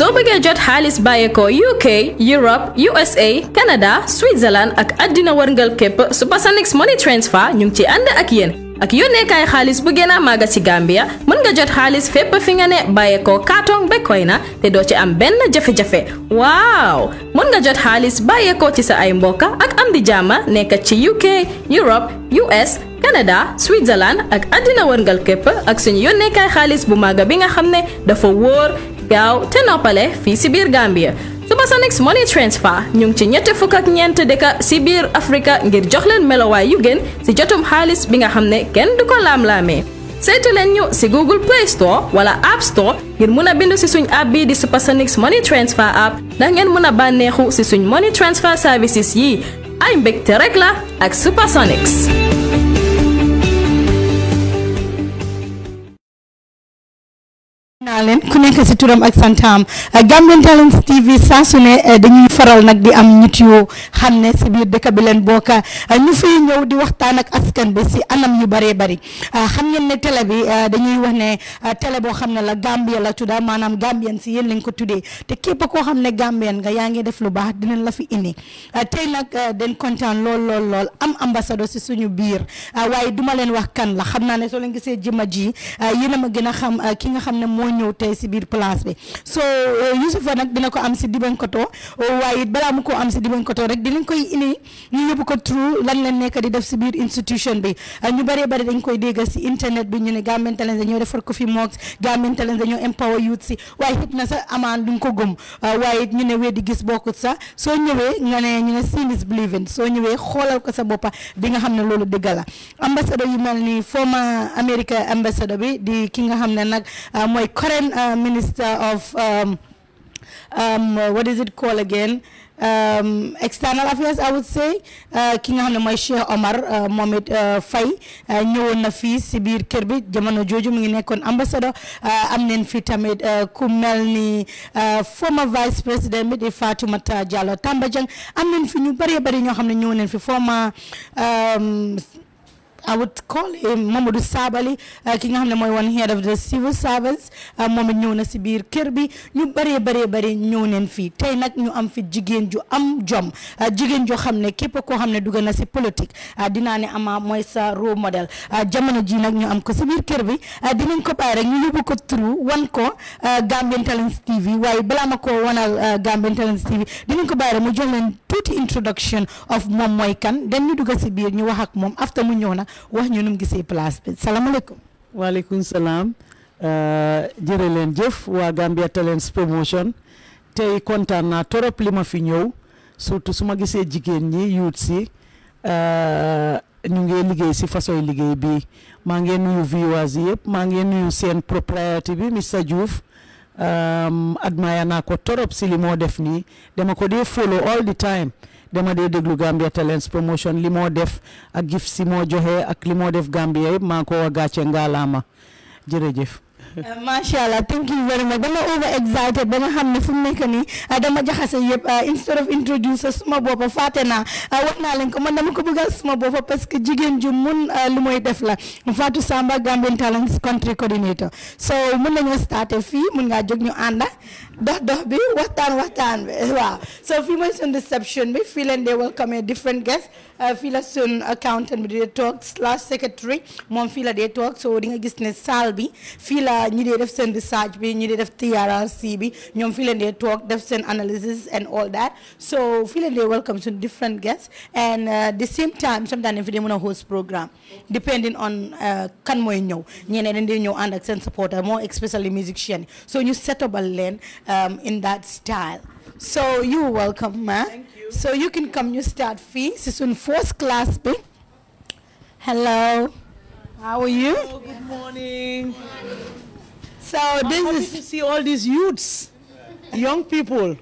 soo bëggee jot xaalis bàyyeekoo UK Europe USA Canada Switzerland ak àddina wërngal képp Supersonix Money Transfer ñu ngi ci ànd ak yéen ak yónneekaay xaalis bu gën a màgg ci Gambia mën nga jot xaalis fépp fi nga ne bàyyeekoo kaatong be koy na te doo ci am benn jafe-jafe waaw mën nga jot xaalis bàyyeekoo ci sa ay mbokka ak am di jaama nekkat ci UK Europe US Canada Switzerland ak àddina wërngal képp ak suñu yónneekaay xaalis bu màgg bi nga xam ne dafa wóor Gao, Tenopale, fi ci biir Gambia Supersonics Money Transfer ñu ci ñett fuk ak ñent deka ci biir Afrika ngir jox leen melowaay yu gën ci jotum xaaliss bi nga xam kenn du ko laam-laamee saytu leen ñu si Google Play Store wala App Store ngir mëna bindu si suñ app bi di Supersonics Money Transfer app ndax ngeen mëna a ci si suñ money transfer services yi ay mbégte rek la ak Supersonics naa leen ku nekk si turam ak santam euh, Gambian Talents TV saa ne euh, dañuy faral nag di am nit yoo xam ne si biir dëkk bi leen bokk euh, ñu fiy ñëw di waxtaan ak askan bi si anam yu bëree bëri xam ngeen ne télé bi dañuy wax ne télé boo xam ne la Gambia la tudda maanaam Gambien si yéen lañ ko tuddee te képp koo xam ne Gambien nga yaa ngi def lu baax dinañ la fi indi tey nag den kontaan lool lool lool am ambassadeur si suñu biir waaye duma leen wax kan la xam a a ñëw tey si biir place bi so eh, Youssoupha nag dina ko am si Dibankoto oh, waaye it balaa mu ko am si Dibankoto rek dinañ koy indi ñu yóbbu ko trou lan la nekk di def si biir institution bi eh, ñu bëree bëri dañ koy dégg si internet bi ñu ne Gambian Talents dañoo defar ko fi moox Gambian Talents empower youth si waaye it na sa amaan duñ ko gëm eh, waaye it ñu ne weddi gis bokkut sax soo ñëwee nga ne ñu ne seeing is believing soo ñëwee xoolal ko sa boppa di nga xam ne nag then uh, Minister of, um, um, what is it called again? Um, external affairs I would say uh, King nga xam ne Omar uh, moom it New uh, ñëwoon na fii si biir kër Ambassador, jamono jooju mu former vice president bi Fatuma Fatoumata Tambajang am neen Bari ñu bëree bëri ñoo xam ñëw former um, I would call him Mamadou Sabali uh, ki nga xam ne mooy one head of the civil servants uh, moom it ñëw na si biir kër bi ñu bëree bëree bëri ñëw neen fii tey nag ñu am fi jigéen ju am jom uh, jigéen joo xam ne képp koo xam ne dugg na si politique dina ne ama mooy sa role model jamono ji nag ñu am ko si biir kër bi dinañ ko bàyyi rek ñu yóbbu ko turu wan ko Gambian Talents TV waaye balaa ma ko wanal Gambian Talents TV dinañ ko bàyyi rek mu jox leen tuuti introduction of moom mooy kan den ñu wax ak moom after mu ñëw nag wax ñu nu mu gisee place bi salaamaaleykum. waaleykum salaam euh, jërë leen jëf waa Gambia Talents Promotion tey kontaan naa torop li ma fi ñëw surtout su ma gisee jigéen ñi yuut si euh, ñu ngi liggéey si façon liggéey bi maa ngi nuyu viewers yëpp maa ngi nuyu seen propriété bi Mr Diouf euh, admire naa ko torop si li moo def nii dama ko dee follow all the time. dama dee déglu Gambia Talents Promotion li moo def a gif si moo joxe ak li moo def Gambia yëpp maako ko wa gàcce ngaalaama jërëjëf euh, macha allah thank you very much dama over excited ba xam ne fu mu nekk nii euh, dama jaxase yëpp euh, instead of introduce suma boppa fàtte naa wax naa leen ko man dama ko bëggal suma boppa parce que jigéen ju mun lu mooy def la Fatou Samba Gambian Talents country coordinator so mun nañoo starté fii mun ngaa jóg ñu ànda dox be what and what and waaw so if you mention reception We feel and they welcome different guest Feel a soon accountant bi di dee slash secretary moom feel la dee so di a business ne feel a fii la ñi dee def seen research bi ñi dee def TRRC bi ñoom fii leen analysis and all that so feel leen welcome sun different guests. and uh, the same time sometimes if fi want to host programme depending on uh, kan mooy ñëw ñeneen dañ dee ñëw ànd ak supporter more especially musician so you set up a leen um, in that style. So you're welcome, ma. Thank you. So you can come, you start fee. This is in first class, B. Hello. How are you? Hello, oh, good morning. So I'm this happy is to see all these youths, young people.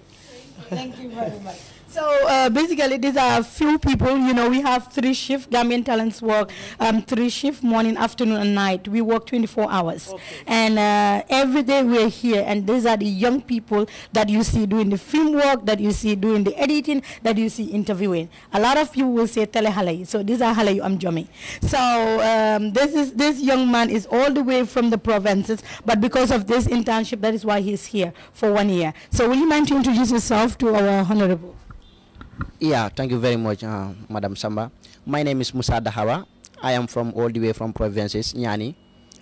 Thank you very much. So uh, basically, these are a few people. You know, we have three shift. Gambian talents work um, three shift, morning, afternoon, and night. We work 24 hours, okay. and uh, every day we're here. And these are the young people that you see doing the film work, that you see doing the editing, that you see interviewing. A lot of people will say telehalay. So these are I'm Jomi. So um, this is this young man is all the way from the provinces, but because of this internship, that is why he's here for one year. So will you mind to introduce yourself to our honorable? Yeah, thank you very much, uh, Madam Samba. My name is Musa Dahawa. I am from all the way from provinces, Nyani.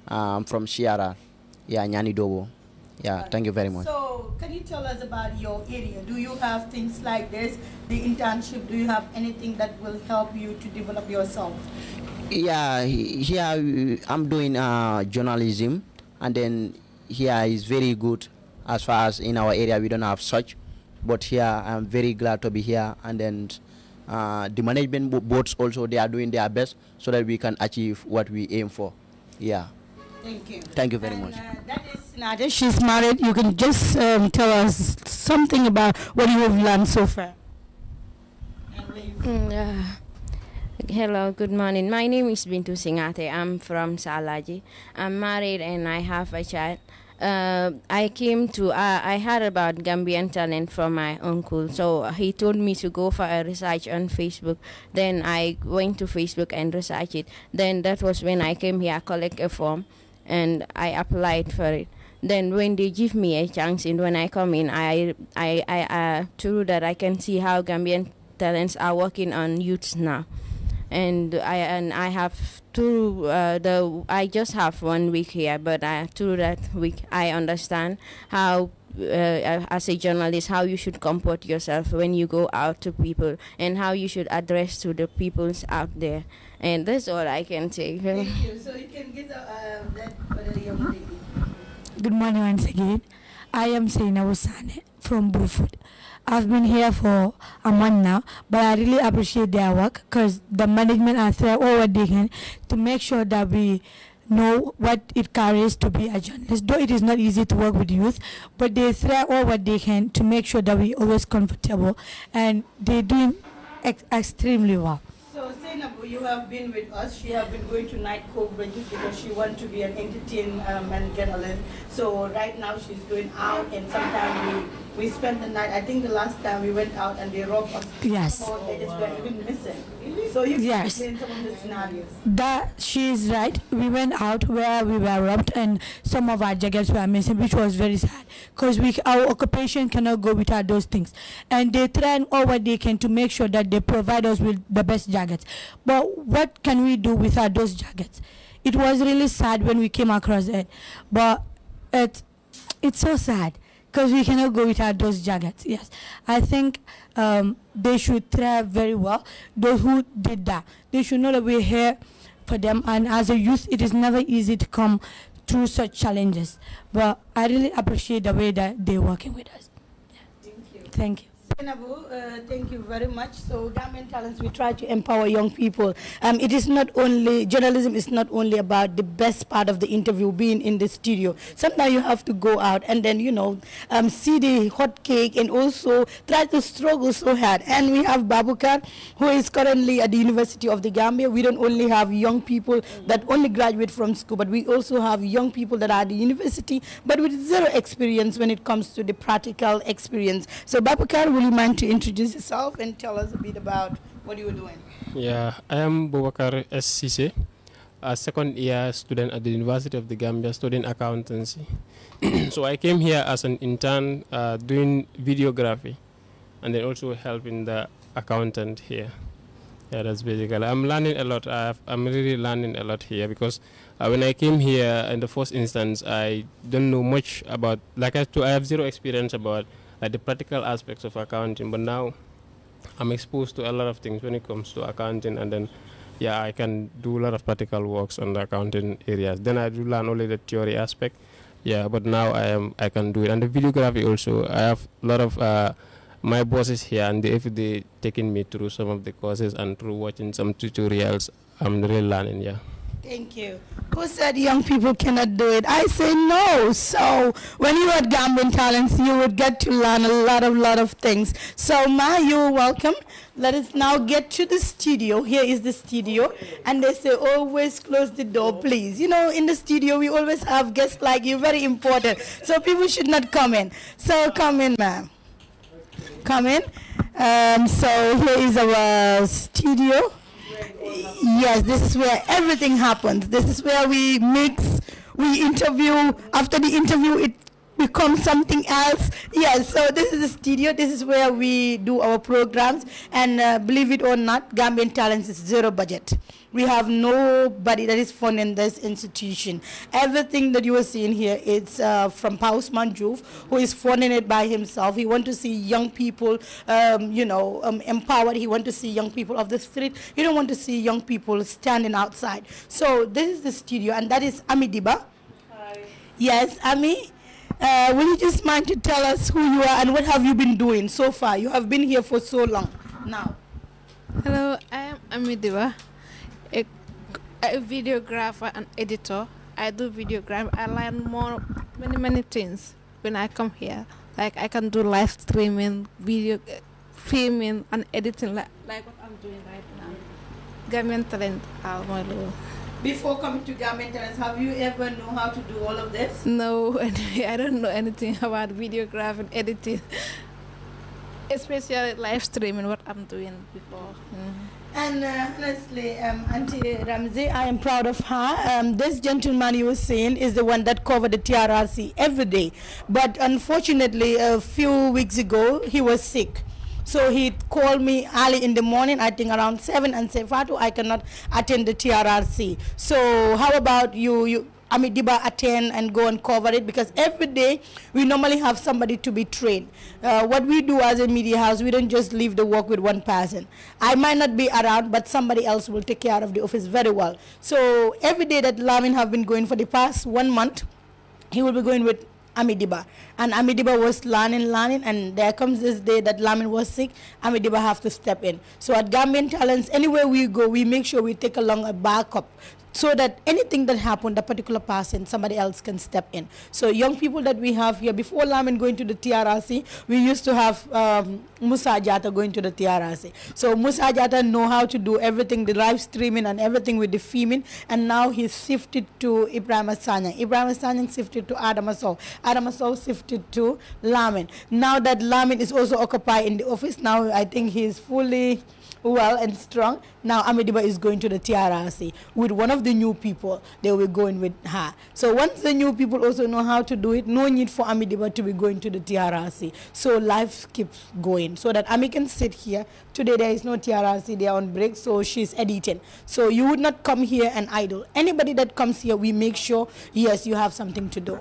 I'm from Shiara. Yeah, Nyani Dobo. Yeah, thank you very much. So, can you tell us about your area? Do you have things like this, the internship? Do you have anything that will help you to develop yourself? Yeah, here I'm doing uh, journalism, and then here is very good as far as in our area we don't have such but here I'm very glad to be here and then uh, the management boards also they are doing their best so that we can achieve what we aim for yeah thank you thank you very and, much uh, that is Nada she's married you can just um, tell us something about what you have learned so far mm, uh, Hello, good morning. My name is Bintu Singate. I'm from Salaji. I'm married and I have a child uh, I came to, uh, I heard about Gambian talent from my uncle. So uh, he told me to go for a research on Facebook. Then I went to Facebook and researched it. Then that was when I came here, collect a form, and I applied for it. Then when they give me a chance, and when I come in, I, I, I, uh, through that I can see how Gambian talents are working on youths now and I and I have two. uh, the I just have one week here, but I, through that week I understand how. Uh, as a journalist, how you should comport yourself when you go out to people, and how you should address to the peoples out there, and that's all I can take. Thank you. So you can give uh, that for the Good morning once again. I am Saina Wusane from Bruford. I've been here for a month now, but I really appreciate their work because the management are there can to make sure that we know what it carries to be a journalist. Though it is not easy to work with youth, but they try all what they can to make sure that we always comfortable, and they're doing ex extremely well you have been with us. She has been going to night coverages because she wants to be an entertainer um, and journalist. So right now she's going out and sometimes we, we spend the night. I think the last time we went out and they robbed us. Yes. Oh, wow. even missing. So you yes. That she is right. We went out where we were robbed and some of our jackets were missing, which was very sad because we our occupation cannot go without those things. And they try all what they can to make sure that they provide us with the best jackets. But what can we do without those jackets? It was really sad when we came across it, but it it's so sad because we cannot go without those jackets. Yes, I think um, they should thrive very well. Those who did that, they should know that we're here for them. And as a youth, it is never easy to come through such challenges. But I really appreciate the way that they're working with us. Yeah. Thank you. Thank you. Uh, thank you very much. So Gambian Talents, we try to empower young people. Um, it is not only, journalism is not only about the best part of the interview being in the studio. Sometimes you have to go out and then, you know, um, see the hot cake and also try to struggle so hard. And we have Babukar, who is currently at the University of the Gambia. We don't only have young people that only graduate from school, but we also have young people that are at the university, but with zero experience when it comes to the practical experience. So Babukar will you mind to introduce yourself and tell us a bit about what you are doing? Yeah, I am Bobakar SCC, a second year student at the University of the Gambia studying accountancy. so I came here as an intern uh, doing videography and then also helping the accountant here. Yeah, that's basically. I'm learning a lot. i am really learning a lot here because uh, when I came here in the first instance, I don't know much about, like I have zero experience about like the practical aspects of accounting. But now I'm exposed to a lot of things when it comes to accounting, and then yeah, I can do a lot of practical works on the accounting areas. Then I do learn only the theory aspect. Yeah, but now I am I can do it, and the videography also. I have a lot of uh, my bosses here, and they, if they taking me through some of the courses and through watching some tutorials, I'm really learning. Yeah. Thank you. Who said young people cannot do it? I say no. So when you had Gambling Talents, you would get to learn a lot of, lot of things. So Ma, you're welcome. Let us now get to the studio. Here is the studio. And they say, always close the door, please. You know, in the studio, we always have guests like you, very important. So people should not come in. So come in, ma'am. Come in. Um, so here is our studio. Yes, this is where everything happens. This is where we mix, we interview. After the interview, it become something else. Yes, so this is the studio. This is where we do our programs. And uh, believe it or not, Gambian Talents is zero budget. We have nobody that is funding this institution. Everything that you are seeing here, it's uh, from Paus Manjouf, who is funding it by himself. He wants to see young people, um, you know, um, empowered. He wants to see young people of the street. You don't want to see young people standing outside. So this is the studio, and that is Amidiba. Hi. Yes, Ami. Uh, will you just mind to tell us who you are and what have you been doing so far? You have been here for so long now. Hello, I am Amidiba a videographer and editor. I do videogram. I learn more many many things when I come here. Like I can do live streaming, video uh, filming and editing like, like what I'm doing right now. Gambian talent, oh my love. Before coming to Gambian have you ever know how to do all of this? No, I don't know anything about videography and editing, especially live streaming what I'm doing before. Mm -hmm. And uh, honestly, um, Auntie Ramsey, I am proud of her. Um, this gentleman you were seeing is the one that covered the TRRC every day. But unfortunately, a few weeks ago, he was sick. So he called me early in the morning, I think around 7, and said, Fatu, I cannot attend the TRRC. So how about you, you Amidiba attend and go and cover it because every day we normally have somebody to be trained. Uh, what we do as a media house, we don't just leave the work with one person. I might not be around, but somebody else will take care of the office very well. So every day that Lamin have been going for the past one month, he will be going with Amidiba. And Amidiba was learning, learning, and there comes this day that Lamin was sick, Amidiba have to step in. So at Gambian Talents, anywhere we go, we make sure we take along a backup so that anything that happened, a particular person, somebody else can step in. So young people that we have here, before Lamin going to the TRRC, we used to have um, Musa Jata going to the TRRC. So Musa Jata know how to do everything, the live streaming and everything with the filming, and now he's shifted to Ibrahim Asanya. Ibrahim Asanya shifted to Adam Asol. Adam Asol shifted to Lamin. Now that Lamin is also occupied in the office, now I think he's fully well and strong. Now Amidiba is going to the TRRC with one of the new people. They will go in with her. So once the new people also know how to do it, no need for Amidiba to be going to the TRRC. So life keeps going. So that Ami can sit here. Today there is no TRRC, they are on break, so she's editing. So you would not come here and idle. Anybody that comes here, we make sure, yes, you have something to do.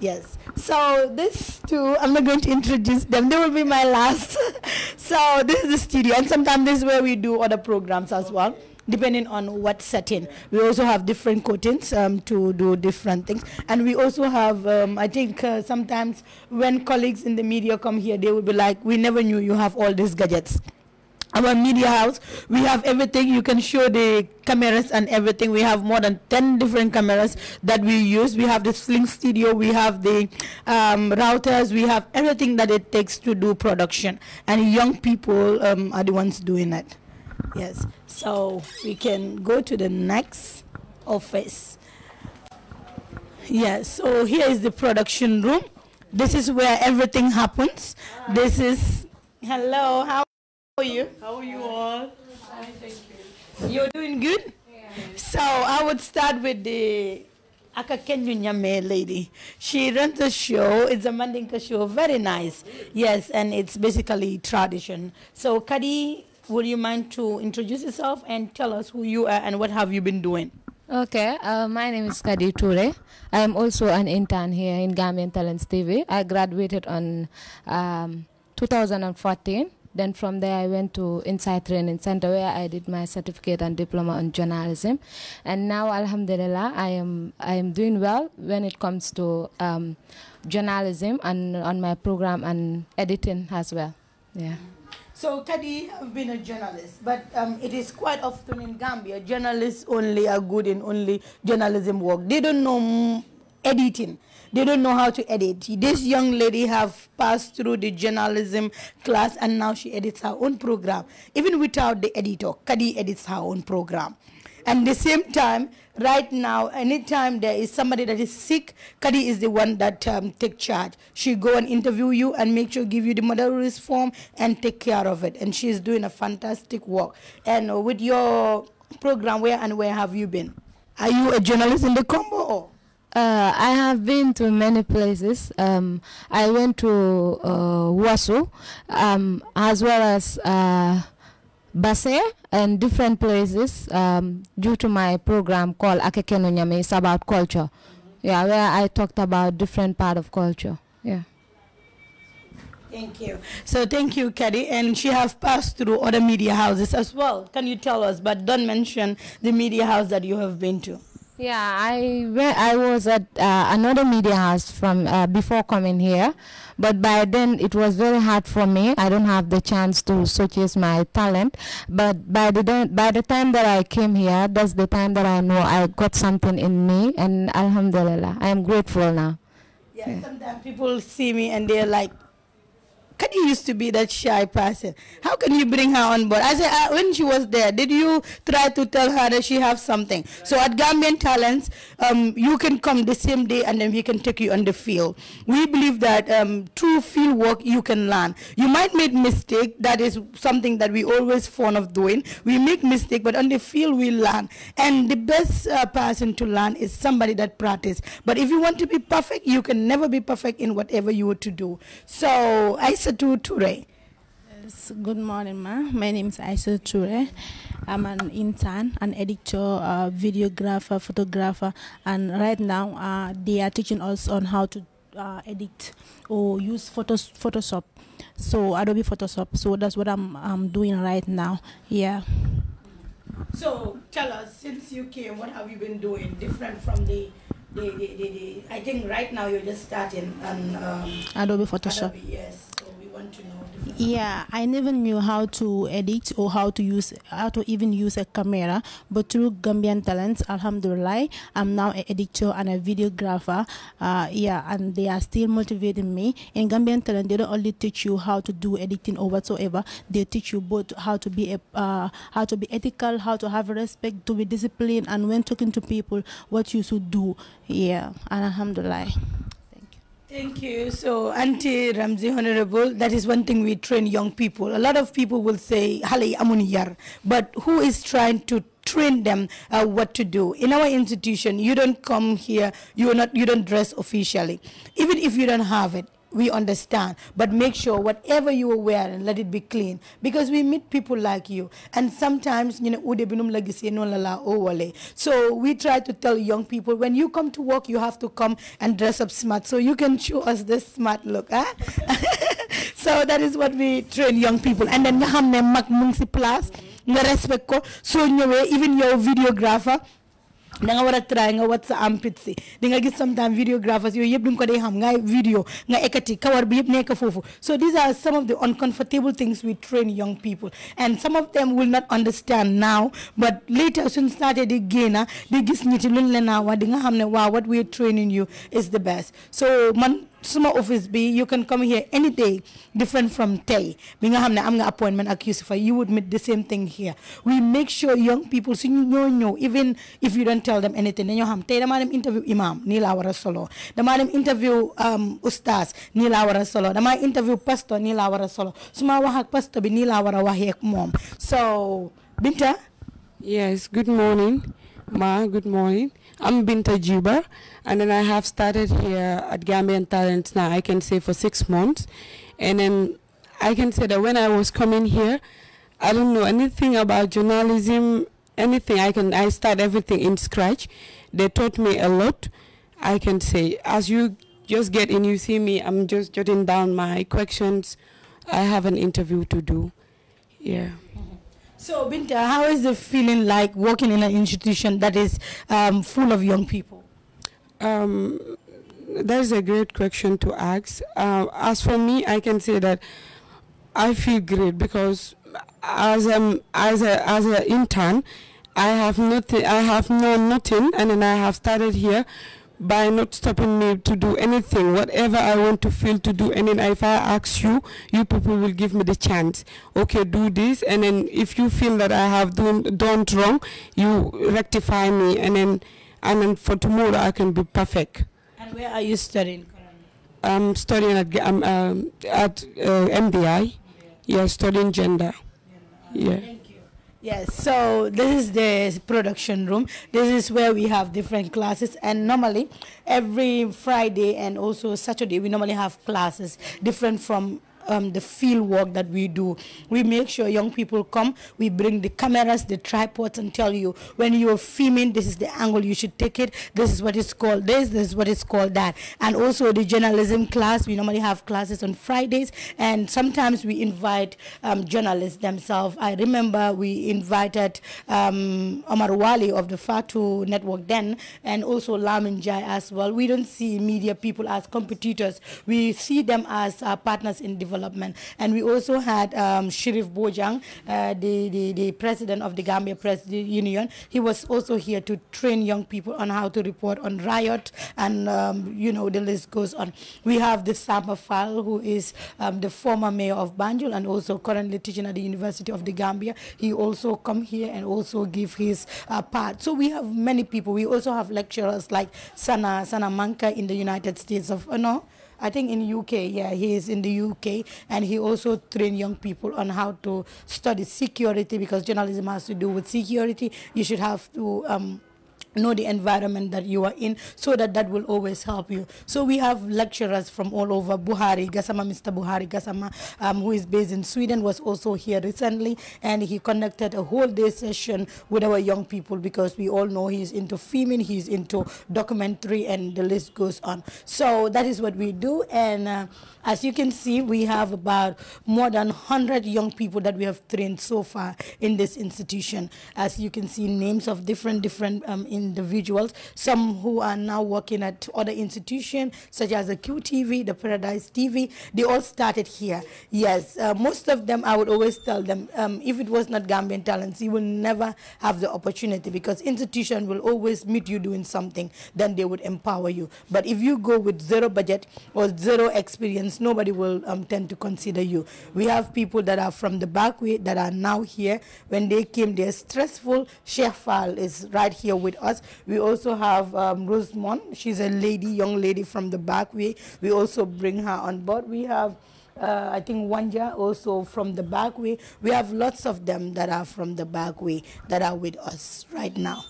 Yes. So these two, I'm not going to introduce them. They will be my last. So this is the studio, and sometimes this is where we do other programs as well, depending on what setting. We also have different coatings um, to do different things, and we also have, um, I think, uh, sometimes when colleagues in the media come here, they will be like, "We never knew you have all these gadgets." our media house. We have everything. You can show the cameras and everything. We have more than 10 different cameras that we use. We have the Sling Studio. We have the um, routers. We have everything that it takes to do production. And young people um, are the ones doing it. Yes. So we can go to the next office. Yes. So here is the production room. This is where everything happens. This is, hello, how are you? How are you all? Hi, thank you. You're doing good? Yeah. So I would start with the Akakenyu Nyame lady. She runs a show. It's a Mandinka show. Very nice. Yes, and it's basically tradition. So Kadi, would you mind to introduce yourself and tell us who you are and what have you been doing? Okay, uh, my name is Kadi Ture. I am also an intern here in Gambian Talents TV. I graduated on um, 2014 then from there, I went to Insight Training Center where I did my certificate and diploma on journalism. And now, Alhamdulillah, I am I am doing well when it comes to um, journalism and on my program and editing as well. Yeah. So Teddy have been a journalist, but um, it is quite often in Gambia, journalists only are good in only journalism work. They don't know editing. They don't know how to edit. This young lady have passed through the journalism class and now she edits her own program. Even without the editor, Kadi edits her own program. And the same time, right now, anytime there is somebody that is sick, Kadi is the one that um, take charge. She go and interview you and make sure give you the mother's form and take care of it. And she is doing a fantastic work. And with your program, where and where have you been? Are you a journalist in the combo or? Uh, I have been to many places. Um, I went to uh, Warsaw, um, as well as uh, and different places um, due to my program called Akekeno Nyame. It's about culture. Yeah, where I talked about different part of culture. Yeah. Thank you. So thank you, Kadi. And she has passed through other media houses as well. Can you tell us, but don't mention the media house that you have been to. Yeah, I I was at uh, another media house from uh, before coming here, but by then it was very hard for me. I don't have the chance to showcase my talent. But by the by the time that I came here, that's the time that I know I got something in me, and Alhamdulillah, I am grateful now. Yeah, yeah. sometimes people see me and they're like, can you used to be that shy person. How can you bring her on board? I said, uh, when she was there, did you try to tell her that she have something? So at Gambian Talents, um, you can come the same day and then we can take you on the field. We believe that um, through field work, you can learn. You might make mistake. That is something that we always fond of doing. We make mistake, but on the field, we learn. And the best uh, person to learn is somebody that practice. But if you want to be perfect, you can never be perfect in whatever you were to do. So I said, Yes, good morning, ma. My name is Aissatou Ture. I'm an intern, an editor, a videographer, photographer, and right now uh, they are teaching us on how to uh, edit or use photos, Photoshop. So Adobe Photoshop. So that's what I'm, I'm doing right now. Yeah. So tell us, since you came, what have you been doing different from the the, the, the, the I think right now you're just starting on um, Adobe Photoshop. Adobe, yes. Yeah, I never knew how to edit or how to use how to even use a camera. But through Gambian talents, Alhamdulillah, I'm now an editor and a videographer. Uh, yeah, and they are still motivating me. In Gambian talent, they don't only teach you how to do editing or whatsoever. They teach you both how to be a uh, how to be ethical, how to have respect, to be disciplined, and when talking to people, what you should do. Yeah, and Alhamdulillah. Thank you. So, Auntie Ramzi, Honorable, that is one thing we train young people. A lot of people will say, Hale Amuniyar, but who is trying to train them uh, what to do. In our institution, you don't come here, you are not, you don't dress officially. Even if you don't have it, we understand but make sure whatever you are wearing let it be clean because we meet people like you and sometimes you know binum so we try to tell young people when you come to work you have to come and dress up smart so you can show us this smart look huh? so that is what we train young people and then nga xamne mag respect so ñewé even your videographer da nga war a try nga wat sa armpit si di nga gis sometimes videographers yooyu yëpp duñ ko dee xam nga video nga ekati kawar bi yëpp nekk foofu so these are some of the uncomfortable things we train young people and some of them will not understand now but later suñ started again, génna di gis ñi ci luñ leen di nga xam ne what we are training you is the best so man suma office bi you can come here any day different from tay bi nga xam am nga appointment ak Yusufa you would meet the same thing here we make sure young people su ñu ñoo even if you don't tell them anything dañoo xam tey damaa dem interview imam nii laa war a solo damaa dem interview um, ustaas nii laa war a solo damaa interview pastor nii laa war solo Suma ma wax ak pastor bi nii laa war a ak so Binta. yes good morning ma good morning. I'm Binta Juba, and then I have started here at Gambian Talents now, I can say for six months. And then I can say that when I was coming here, I don't know anything about journalism, anything. I can I start everything in scratch. They taught me a lot. I can say as you just get in, you see me. I'm just jotting down my questions. I have an interview to do. Yeah. So, Binta, how is the feeling like working in an institution that is um, full of young people? Um, that is a great question to ask. Uh, as for me, I can say that I feel great because as a as a as an intern, I have nothing. I have known nothing, and then I have started here by not stopping me to do anything, whatever I want to feel to do. And then if I ask you, you people will give me the chance. Okay, do this. And then if you feel that I have done, done wrong, you rectify me. And then, and then for tomorrow, I can be perfect. And where are you studying currently? I'm studying at, um, um, at uh, MBI. Yeah. yeah, studying gender. Yeah. yeah. Yes, so this is the production room. This is where we have different classes and normally every Friday and also Saturday we normally have classes different from um, the field work that we do. We make sure young people come. We bring the cameras, the tripods, and tell you when you're filming, this is the angle you should take it. This is what it's called this. This is what it's called that. And also the journalism class. We normally have classes on Fridays, and sometimes we invite um, journalists themselves. I remember we invited um, Omar Wali of the Fatu Network then, and also Lamin Jai as well. We don't see media people as competitors. We see them as uh, partners in development development. And we also had um, Shirif Bojang, uh, the, the, the president of the Gambia Press Union. He was also here to train young people on how to report on riot and, um, you know, the list goes on. We have the Sama Fal, who is um, the former mayor of Banjul and also currently teaching at the University of the Gambia. He also come here and also give his uh, part. So we have many people. We also have lecturers like Sana, Sana Manka in the United States of, uh, know. I think in UK, yeah, he is in the UK, and he also trained young people on how to study security because journalism has to do with security. You should have to um, know the environment that you are in so that that will always help you so we have lecturers from all over buhari gasama mr buhari gasama um, who is based in sweden was also here recently and he conducted a whole day session with our young people because we all know he's into filming he's into documentary and the list goes on so that is what we do and uh, as you can see we have about more than 100 young people that we have trained so far in this institution as you can see names of different different um, individuals, some who are now working at other institutions such as the QTV, the Paradise TV. They all started here. Yes, uh, most of them, I would always tell them, um, if it was not Gambian talents, you will never have the opportunity because institution will always meet you doing something. Then they would empower you. But if you go with zero budget or zero experience, nobody will um, tend to consider you. We have people that are from the back way that are now here. When they came, they're stressful. Chef File is right here with us us. We also have um, Rosemont. She's a lady, young lady from the back. We, we also bring her on board. We have uh, I think Wanja also from the back way. We have lots of them that are from the back way that are with us right now.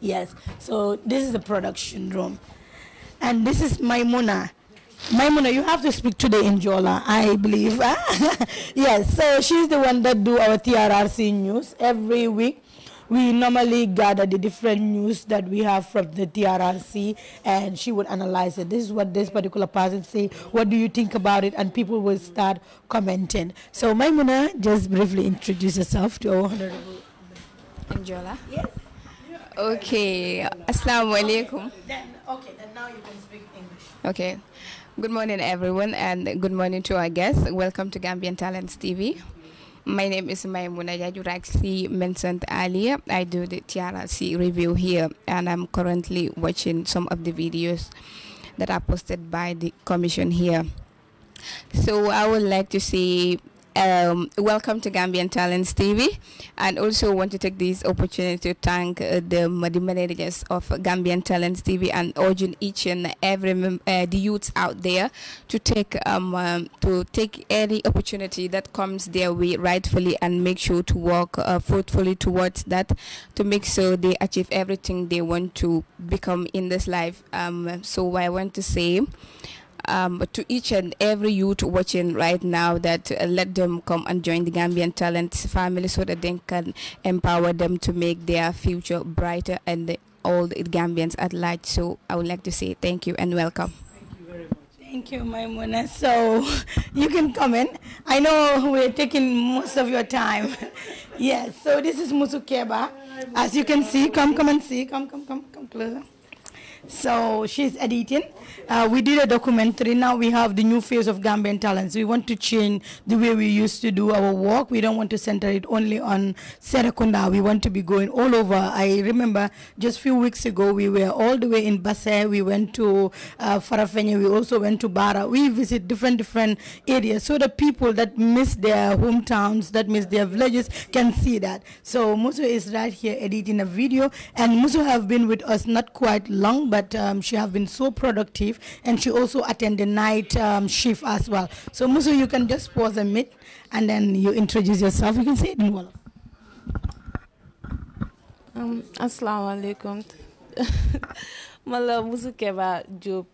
Yes, so this is the production room. And this is Maimuna. Maimuna, you have to speak today in Jola, I believe. yes, so she's the one that do our TRRC news every week we normally gather the different news that we have from the TRRC and she would analyze it. This is what this particular person say. What do you think about it? And people will start commenting. So Maimuna, just briefly introduce yourself to our honorable. Angela? Yes. Okay. Assalamu alaikum. Okay. Then, okay, then now you can speak English. Okay. Good morning, everyone, and good morning to our guests. Welcome to Gambian Talents TV. My name is Maimuna actually mentioned earlier. I do the TRC review here and I'm currently watching some of the videos that are posted by the commission here. So I would like to see. Um, welcome to Gambian Talents TV and also want to take this opportunity to thank uh, the, the managers of Gambian Talents TV and urging each and every uh, the youths out there to take um, um, to take any opportunity that comes their way rightfully and make sure to work uh, fruitfully towards that to make sure they achieve everything they want to become in this life um, so I want to say um, to each and every youth watching right now that uh, let them come and join the Gambian talent family so that they can empower them to make their future brighter and the, all the Gambians at large. So I would like to say thank you and welcome. Thank you, very much. Thank you, Maimuna. So you can come in. I know we're taking most of your time. yes, so this is Musukeba. As you can see, come, come and see. Come, come, come, come closer. So she's editing. Uh, we did a documentary. Now we have the new phase of Gambian talents. We want to change the way we used to do our work. We don't want to center it only on Serekunda. We want to be going all over. I remember just few weeks ago, we were all the way in Basse. We went to uh, Farafenye. We also went to Bara. We visit different, different areas so the people that miss their hometowns, that miss their villages can see that. So Musu is right here editing a video. And Musu have been with us not quite long, but um, she has been so productive and she also attend the night um, shift as well. So Musu, you can just pause a minute and then you introduce yourself. You can say it in Wolof. Um, Assalamu alaikum. Mala Musu Keba Job.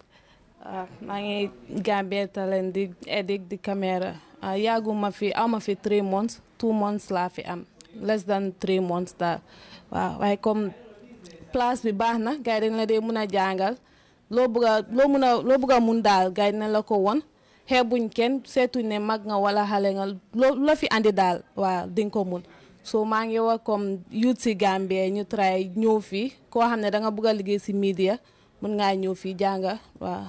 Uh, maa ngi Gambia Talents di edit di caméra uh, yàgguma fi awma three months two months laa fi am less than three months that waaw uh, waaye comme place bi baax na gars yi dañ dee mun a jàngal loo bëgg a loo mun a loo bëgg mun daal gars yi la ko won xeebuñ kenn seetuñ ne mag nga wala xale nga loo la fi andi daal waaw di ko mun soo maa ngi wax comme youth si Gambie ñu try ñëw fii ko xam ne danga nga a liggéey si media mun ngaa ñëw fii jànga waaw.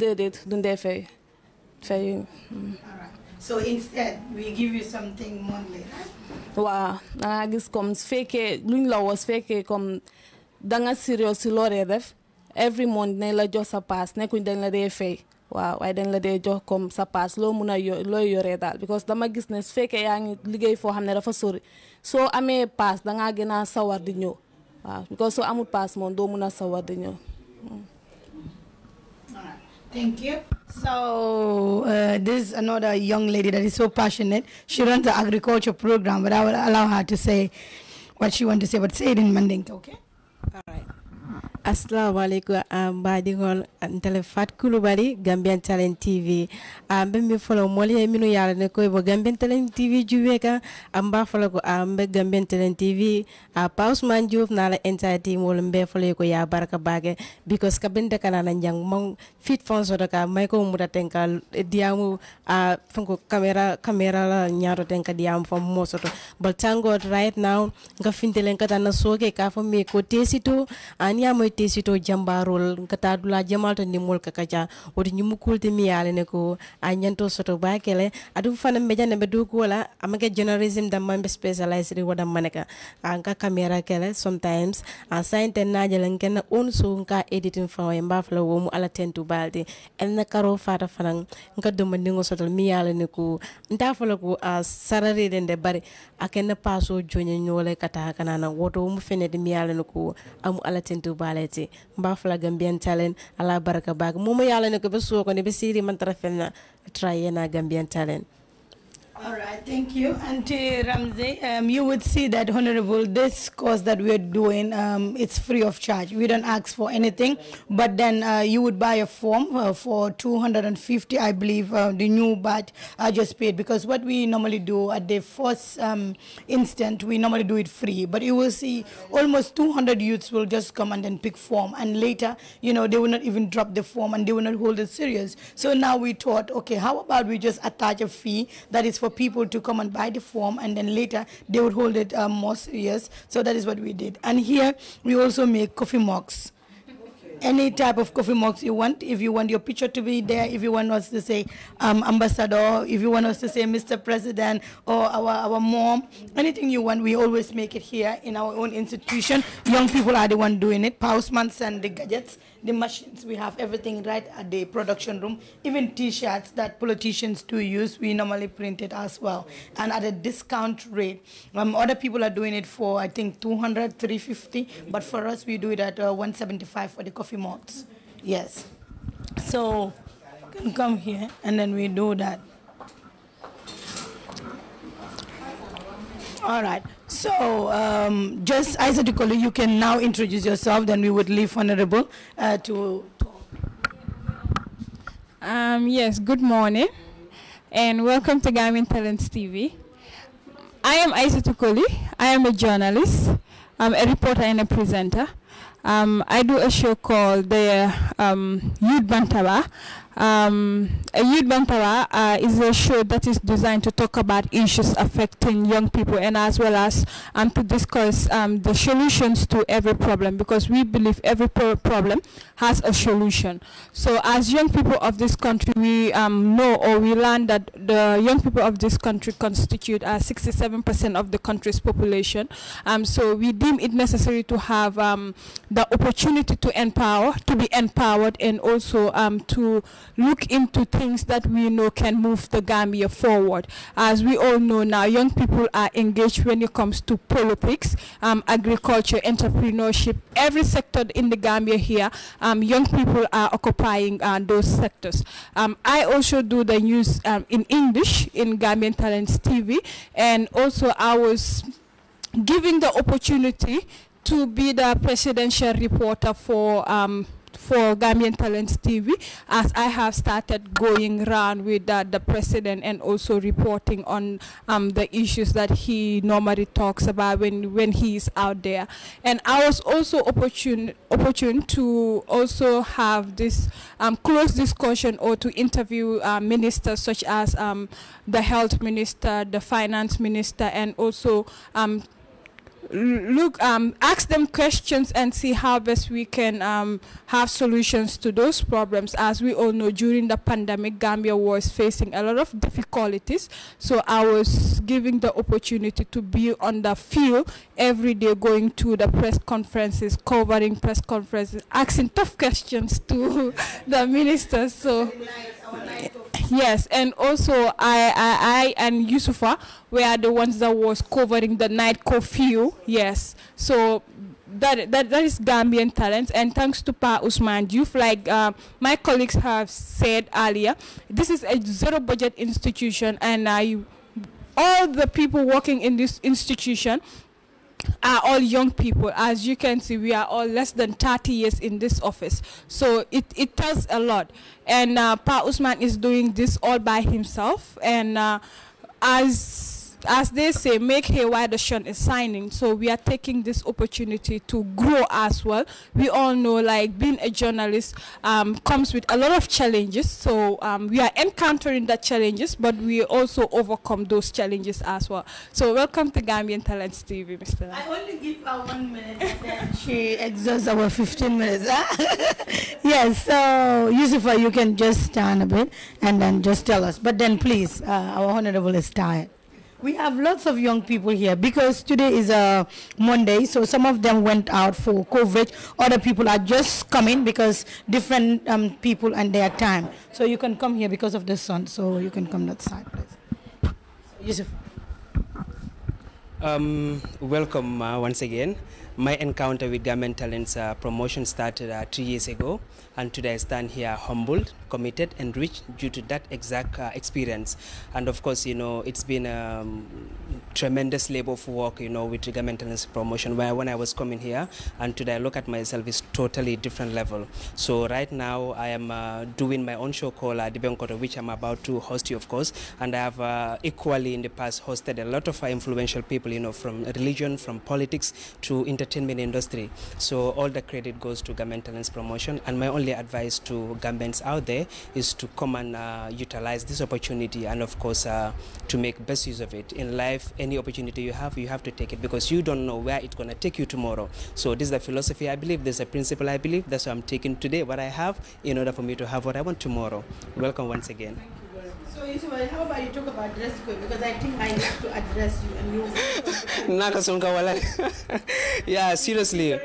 déedéet duñ dee fay So instead, we give you something monthly. later. waaw dangaa gis comme su fekkee luñ la woo su fekkee comme danga sérieux si loolee every month nañ la jox pass, ne nekkuñ dañ la dee fay waaw waaye dañ la dee jox come sa paas loo mun a yo looy because the gis ne su fekkee yaa ngi liggéey foo xam ne So I soo pass. paas dangaa gën a sawar because so I paas pass. doo mun a sawar Thank you. So uh, this is another young lady that is so passionate. She runs the agriculture program, but I will allow her to say what she wants to say, but say it in Mandinka, okay? assalamu ah, ba di ngol ah, ntele fat bari gambian talent tv am ah, be mi folo moli minu yalla ne koy bo gambian talent tv juwe ka am ba follow ko am be gambian talent tv a paus man juf na la entire team wol mbe follow ko ya baraka bage because ka bende kana na jang mon fit fonso ka may ko muda tenka diamu a uh, fonko camera camera la nyaaro tenka diam fo tango right now nga fintelen ka tan soke ka fo mi ko tesito ania ya moy tesito jambarol katadula jamalto ni mol kakaja wodi nyumu kulti mi ne ko a soto ba adu fana me jande be duku wala amake journalism da mambe specialized wada maneka anka camera kele sometimes a sainte najala ngena on so nka editing fa way mba wo mu ala tentu balde en karo fata fana nka do man ningo soto mi ne ko nda fala ko a sarare den de bare akena paso jonyo nyole kata kana na woto mu fene de mi ne ko amu ala tentu balde society mba fula gambian talent ala baraka bag momo yala ne ko be suwo ko ne be siri man tara fenna try yena gambian talent All right, thank you. Auntie Ramsey, um, you would see that, Honorable, this course that we're doing, um, it's free of charge. We don't ask for anything, but then uh, you would buy a form uh, for 250, I believe, uh, the new batch I just paid, because what we normally do at the first um, instant, we normally do it free, but you will see almost 200 youths will just come and then pick form, and later, you know, they will not even drop the form, and they will not hold it serious. So now we thought, okay, how about we just attach a fee that is for people to come and buy the form and then later they would hold it um, more serious. So that is what we did. And here we also make coffee mugs any type of coffee mugs you want. If you want your picture to be there, if you want us to say um, ambassador, if you want us to say Mr. President or our, our mom, anything you want, we always make it here in our own institution. Young people are the one doing it. Pausmans and the gadgets the machines. We have everything right at the production room. Even T-shirts that politicians do use, we normally print it as well. And at a discount rate. Um, other people are doing it for, I think, 200, 350. But for us, we do it at uh, 175 for the coffee mugs. Yes. So you can come here and then we do that. All right. So, um, just Isatukoli, you can now introduce yourself, then we would leave Honorable uh, to um, yes, good morning, and welcome to Gaming Talents TV. I am Isatukoli. I am a journalist. I'm a reporter and a presenter. Um, I do a show called the um, Youth Bantaba, um, Youth empowerment uh, is a show that is designed to talk about issues affecting young people and as well as um, to discuss um, the solutions to every problem because we believe every pro problem has a solution. So as young people of this country, we um, know or we learn that the young people of this country constitute 67% uh, of the country's population. Um, so we deem it necessary to have um, the opportunity to empower, to be empowered and also um, to look into things that we know can move the Gambia forward. As we all know now, young people are engaged when it comes to politics, um, agriculture, entrepreneurship, every sector in the Gambia here, um, young people are occupying uh, those sectors. Um, I also do the news um, in English in Gambian Talents TV, and also I was given the opportunity to be the presidential reporter for um, for Gambian Talent TV as I have started going around with uh, the president and also reporting on um, the issues that he normally talks about when, when he is out there. And I was also opportune, opportune to also have this um, close discussion or to interview uh, ministers such as um, the health minister, the finance minister, and also um, look um, ask them questions and see how best we can um, have solutions to those problems as we all know during the pandemic Gambia was facing a lot of difficulties so I was giving the opportunity to be on the field every day going to the press conferences covering press conferences asking tough questions to the ministers so Yes, and also I, I, I and Yusufa were the ones that was covering the night curfew. Yes, so that, that, that is Gambian talent. And thanks to Pa Usman you've like uh, my colleagues have said earlier, this is a zero budget institution, and I, all the people working in this institution are all young people. As you can see, we are all less than 30 years in this office. So it, it tells a lot. And uh, Pa Usman is doing this all by himself. And uh, as as they say, make hay while the sun is shining. So we are taking this opportunity to grow as well. We all know like being a journalist um, comes with a lot of challenges. So um, we are encountering the challenges, but we also overcome those challenges as well. So welcome to Gambian talent, TV, Mr. I only give her one minute then she exhausts our 15 minutes. yes, so Yusufa, you can just stand a bit and then just tell us. But then please, uh, our honorable is tired. We have lots of young people here because today is a uh, Monday, so some of them went out for coverage. Other people are just coming because different um, people and their time. So you can come here because of the sun. So you can come that side, please. Yusuf. Um, welcome uh, once again. My encounter with Garment Talents uh, promotion started uh, years ago. And today I stand here humbled, committed, and rich due to that exact uh, experience. And of course, you know, it's been a um, tremendous labor of work, you know, with rigor maintenance promotion, where when I was coming here and today I look at myself is totally different level. So right now I am uh, doing my own show called uh, Dibenkoto, which I'm about to host you, of course. And I have uh, equally in the past hosted a lot of uh, influential people, you know, from religion, from politics to entertainment industry. So all the credit goes to government promotion. And my only only advice to governments out there is to come and uh, utilize this opportunity and of course uh, to make best use of it. In life, any opportunity you have, you have to take it because you don't know where it's going to take you tomorrow. So this is the philosophy I believe, this is a principle I believe, that's why I'm taking today what I have in order for me to have what I want tomorrow. Welcome once again. So, Yusuf, how about you talk about dress code? Because I think I need to address you and you. yeah, seriously.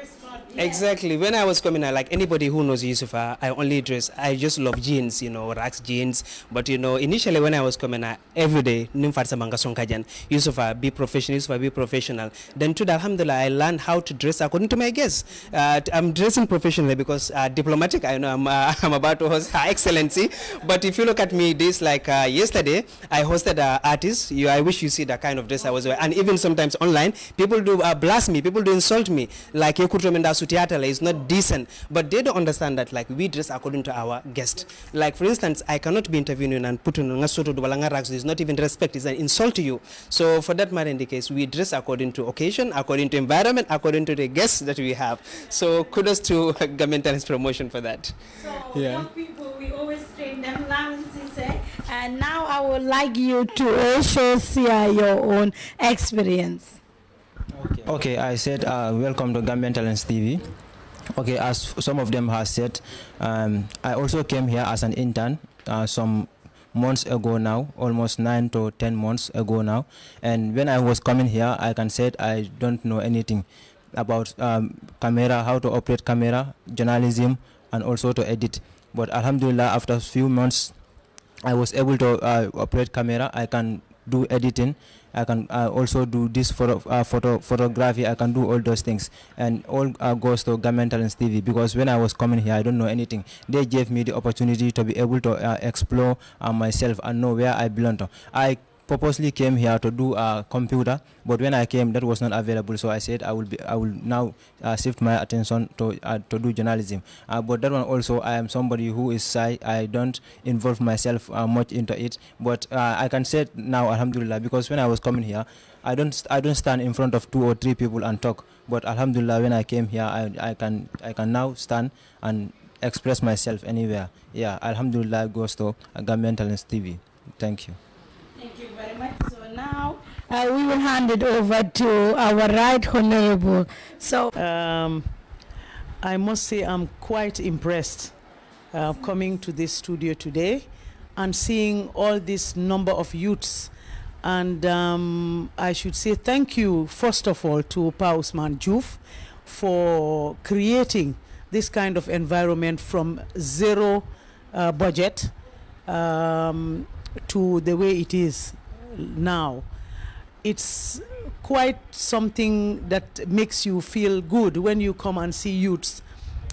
Yeah. Exactly. When I was coming out, like anybody who knows Yusufa, I only dress, I just love jeans, you know, racks jeans. But, you know, initially when I was coming out, every day, Nimfatsa Mangasonkajan, Yusufa, be professional, Yusufa, be professional. Then, to the Alhamdulillah, I learned how to dress according to my guests. Uh, I'm dressing professionally because uh, diplomatic, I know I'm, uh, I'm about to host Her Excellency. But if you look at me, this, like uh, yesterday, I hosted an artist. You, I wish you see the kind of dress I was wearing. And even sometimes online, people do uh, blast me, people do insult me. Like, you could remember sutiyatala is not decent. But they don't understand that like we dress according to our guest. Like for instance, I cannot be interviewing and put on a ngasuto dubalanga rags. It's not even respect. It's an insult to you. So for that matter, in the case, we dress according to occasion, according to environment, according to the guests that we have. So kudos to government and its promotion for that. So yeah. young people, we always train them. And now I would like you to also share your own experience. Okay. okay, I said uh, welcome to Gambian Talents TV. Okay, as some of them have said, um, I also came here as an intern uh, some months ago now, almost nine to ten months ago now. And when I was coming here, I can say I don't know anything about um, camera, how to operate camera, journalism, and also to edit. But Alhamdulillah, after a few months, I was able to uh, operate camera. I can do editing I can uh, also do this photo, uh, photo photography. I can do all those things, and all uh, goes to Government and TV because when I was coming here, I don't know anything. They gave me the opportunity to be able to uh, explore uh, myself and know where I belong to. I purposely came here to do a computer, but when I came, that was not available. So I said I will be, I will now uh, shift my attention to uh, to do journalism. Uh, but that one also, I am somebody who is shy. I don't involve myself uh, much into it. But uh, I can say now, Alhamdulillah, because when I was coming here, I don't I don't stand in front of two or three people and talk. But Alhamdulillah, when I came here, I, I can I can now stand and express myself anywhere. Yeah, Alhamdulillah goes to Gambian Talents TV. Thank you. Thank you very much. So now uh, we will hand it over to our right honorable. So um, I must say I'm quite impressed uh, coming to this studio today and seeing all this number of youths. And um, I should say thank you, first of all, to Pa Manjuv Juf for creating this kind of environment from zero uh, budget. Um, to the way it is now, it's quite something that makes you feel good when you come and see youths.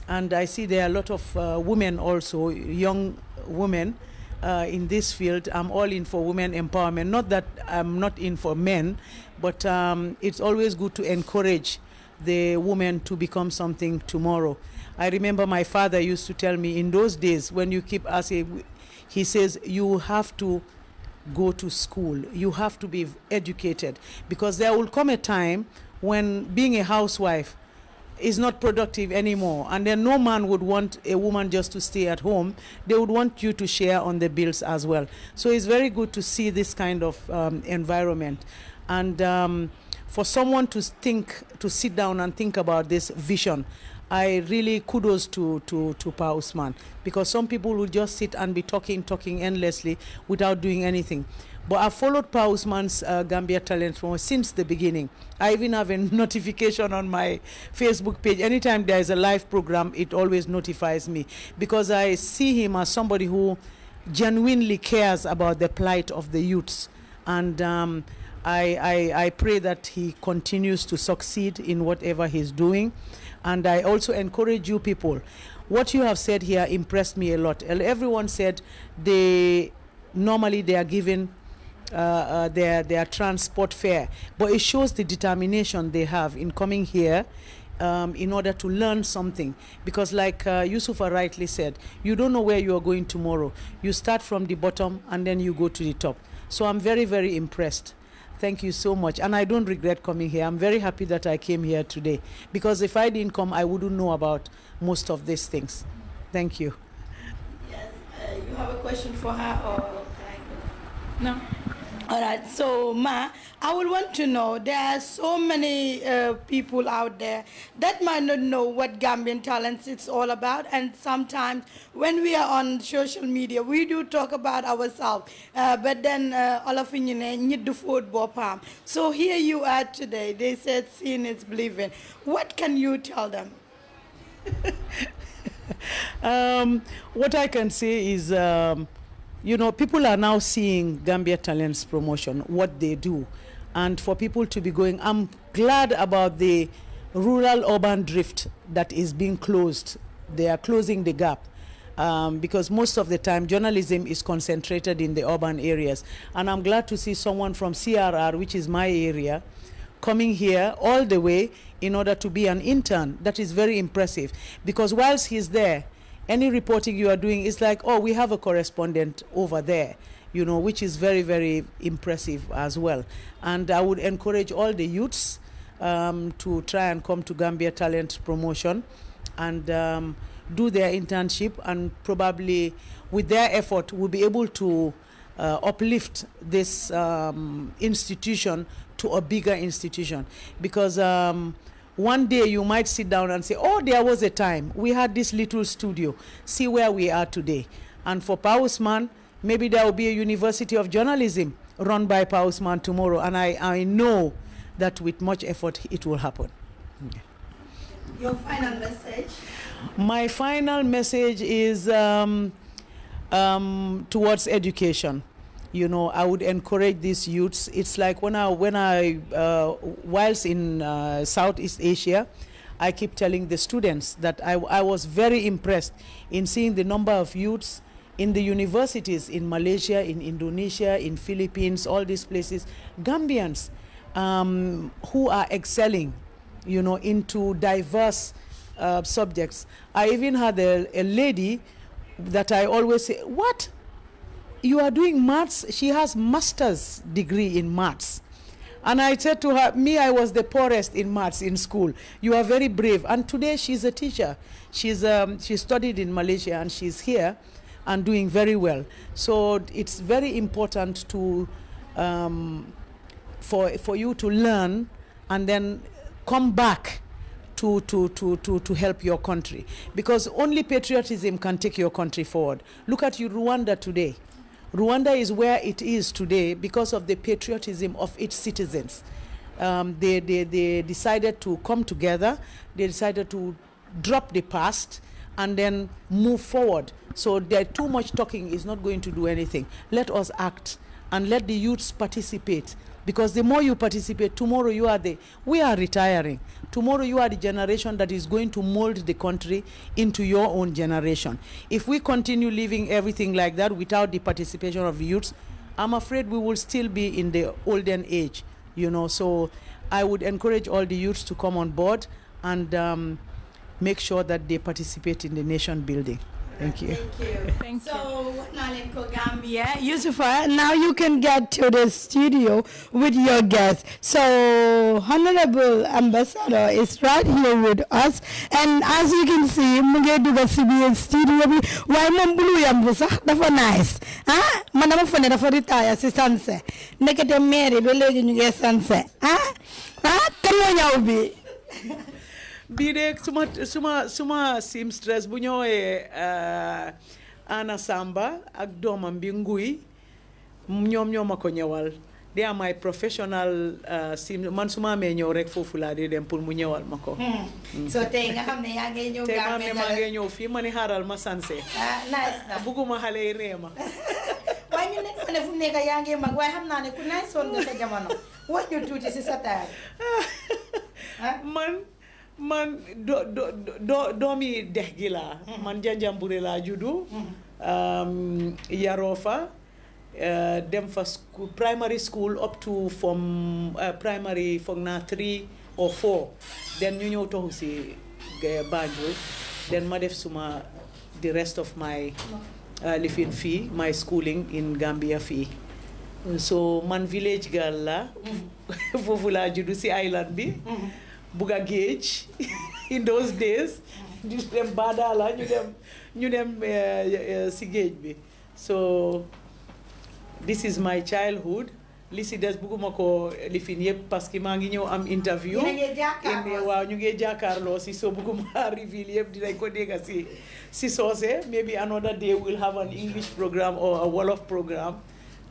And I see there are a lot of uh, women also, young women uh, in this field. I'm all in for women empowerment. Not that I'm not in for men, but um, it's always good to encourage the woman to become something tomorrow. I remember my father used to tell me in those days when you keep asking, a he says you have to go to school. You have to be educated because there will come a time when being a housewife is not productive anymore. And then no man would want a woman just to stay at home. They would want you to share on the bills as well. So it's very good to see this kind of um, environment. And um, for someone to think, to sit down and think about this vision I really kudos to, to, to Pa Usman because some people will just sit and be talking, talking endlessly without doing anything. But I followed Pa Usman's uh, Gambia Talent from since the beginning. I even have a notification on my Facebook page. Anytime there is a live program, it always notifies me because I see him as somebody who genuinely cares about the plight of the youths. And um, I, I, I pray that he continues to succeed in whatever he's doing. And I also encourage you people. What you have said here impressed me a lot. Everyone said they normally they are given uh, uh, their their transport fare, but it shows the determination they have in coming here. Um, in order to learn something because like uh, Yusufa rightly said you don't know where you are going tomorrow you start from the bottom and then you go to the top so I'm very very impressed Thank you so much. And I don't regret coming here. I'm very happy that I came here today because if I didn't come, I wouldn't know about most of these things. Thank you. Yes, uh, you have a question for her or? No. All right, so Ma, I would want to know there are so many uh, people out there that might not know what Gambian talents it's all about, and sometimes when we are on social media, we do talk about ourselves, uh, but then uh, all of you need the food palm. So here you are today. They said seeing is believing. What can you tell them? um, what I can say is. Um, you know, people are now seeing Gambia Talents promotion, what they do. And for people to be going, I'm glad about the rural urban drift that is being closed. They are closing the gap. Um, because most of the time journalism is concentrated in the urban areas. And I'm glad to see someone from CRR, which is my area, coming here all the way in order to be an intern. That is very impressive because whilst he's there, any reporting you are doing is like, oh, we have a correspondent over there, you know, which is very, very impressive as well. And I would encourage all the youths um, to try and come to Gambia Talent Promotion and um, do their internship, and probably with their effort, we'll be able to. Uh, uplift this um, institution to a bigger institution because um, one day you might sit down and say, Oh, there was a time we had this little studio. See where we are today. And for Pausman, maybe there will be a University of Journalism run by Pausman tomorrow. And I, I know that with much effort it will happen. Your final message? My final message is um, um, towards education you know i would encourage these youths it's like when i when i uh, whilst in uh, southeast asia i keep telling the students that I, I was very impressed in seeing the number of youths in the universities in malaysia in indonesia in philippines all these places gambians um, who are excelling you know into diverse uh, subjects i even had a, a lady that i always say what you are doing maths she has master's degree in maths and I said to her, me, I was the poorest in maths in school. You are very brave. And today she's a teacher. She's, um, she studied in Malaysia and she's here and doing very well. So it's very important to, um, for, for you to learn and then come back to, to, to, to, to help your country. Because only patriotism can take your country forward. Look at you, Rwanda today. Rwanda is where it is today because of the patriotism of its citizens. Um, they, they, they decided to come together, they decided to drop the past and then move forward. So there too much talking is not going to do anything. Let us act and let the youths participate because the more you participate, tomorrow you are the, we are retiring. Tomorrow you are the generation that is going to mold the country into your own generation. If we continue living everything like that without the participation of youths, I'm afraid we will still be in the olden age, you know. So I would encourage all the youths to come on board and um, make sure that they participate in the nation building. Thank you. Thank you. Thank so, you. Nalenko Gambia, Yusufa, now you can get to the studio with your guest. So, Honorable Ambassador is right here with us. And as you can see, Munge Duga CBN studio, why Mumbulu Yambusa, that's nice. Huh? Ah, Manama Fone, that's retire, si sunset. Nekete Mary, belegi get sunset. Huh? Ah, huh? Ah, Kamo nyaw bi. bii de suma suma suma seamstress bu ñëwee eh, Anna Samba ak doomam bi nguy ñoom ñoo ma ko ñëwal di am ay professional eh, seam man su ma amee ñëw rek foofu laa di dem pour mu ñëwal ma ko. Hmm. Hmm. so tey nga xam ne yaa ngi ñëw. tey nga xam ne maa ngi ñëw fii ma ni xaaral ma sanse. ah nice na bugguma xale yi ree ma. waaye ñu nekk fa ne fu mu yaa ngi mag waaye xam naa ne ku nice woon nga sa jamono wax ñu tuuti si sa ah. man. man do do do doomi dex gi laa mm-hmm. man Janjanbureh laa juddu mm-hmm. um, yaroo fa uh, dem fa school primary school up to from uh, primary foog naa three or four den ñu ñëw toxu si Banjul den ma def suma the rest of my uh, living fii my schooling in Gambia fii so man village girl la mm-hmm. foofu laa juddu si island bi Buga Gage in those days ñu them Badala ñu dem ñu dem eh, eh, si géej bi so this is my childhood li si des bugguma ko lifin yëpp parce que maa ngi ñëw am interview eh, waaw Wow, ngee jàkkaarloo si so bugguma reveal yëpp dinañ ko dégga si si soose maybe another day we'll have an English program or a Wolof program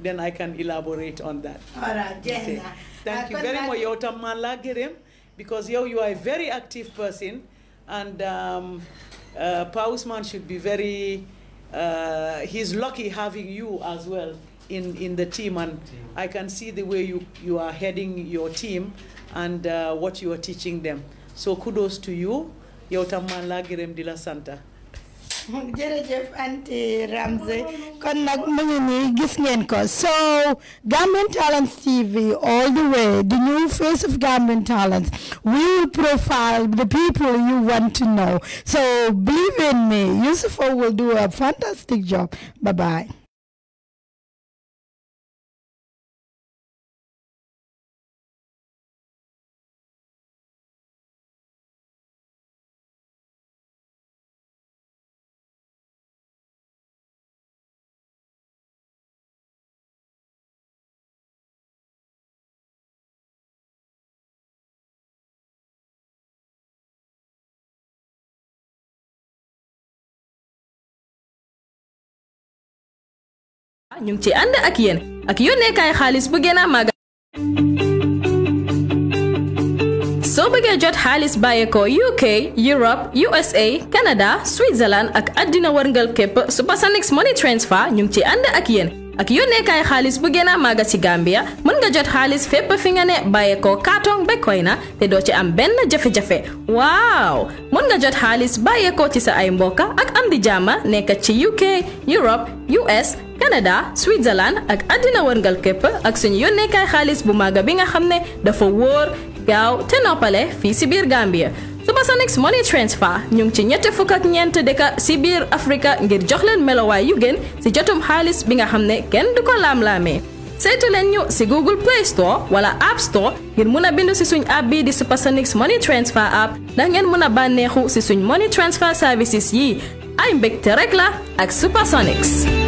then I can elaborate on that. All right, Thank ah, you very much yow tam because yo, you are a very active person, and um, uh, Pausman should be very. Uh, he's lucky having you as well in, in the team, and team. I can see the way you, you are heading your team and uh, what you are teaching them. So kudos to you. Yautamman lagirem de la Santa jërëjëf anti Ramze kon mu ngi gis ngeen ko so Gambian Talents TV all the way the new face of Gambian Talents we will profile the people you want to know so believe in me Yusufo will do a fantastic job bye bye. ñu ngi ci ànd ak yéen ak yónneekaay xaalis bu gën a màgg bëggee jot xaalis bàyyeekoo UK Europe USA Canada Switzerland ak àddina wërngal képp Supersonix Money Transfer ñu ngi ci ànd ak yéen ak yónneekaay xaalis bu gën a màgg ci Gambia mën nga jot xaalis fépp fi nga ne bàyyeekoo kaatong ba na te doo ci am benn jafe-jafe waaw mën nga jot xaalis bàyyeekoo ci sa ay mbokka ak am di jàmma nekk ci UK Europe US Canada Switzerland ak adina wërngal képp ak suñu kay xaalis bu maga bi nga xam ne dafa wóor gaaw fi ci biir Gambia Supersonics Money Transfer ñu ci ñetti fuk ak ci biir Afrika ngir jox leen melowaay yu gën ci ken xaalis bi nga xam kenn duko lam lamé. saytu leen ñu si Google Play Store wala App Store ngir mëna bindu si suñu app bi di Supersonics Money Transfer app ndax ngeen mëna banéxu ci si money transfer services yi ay mbékté rek la ak Supersonics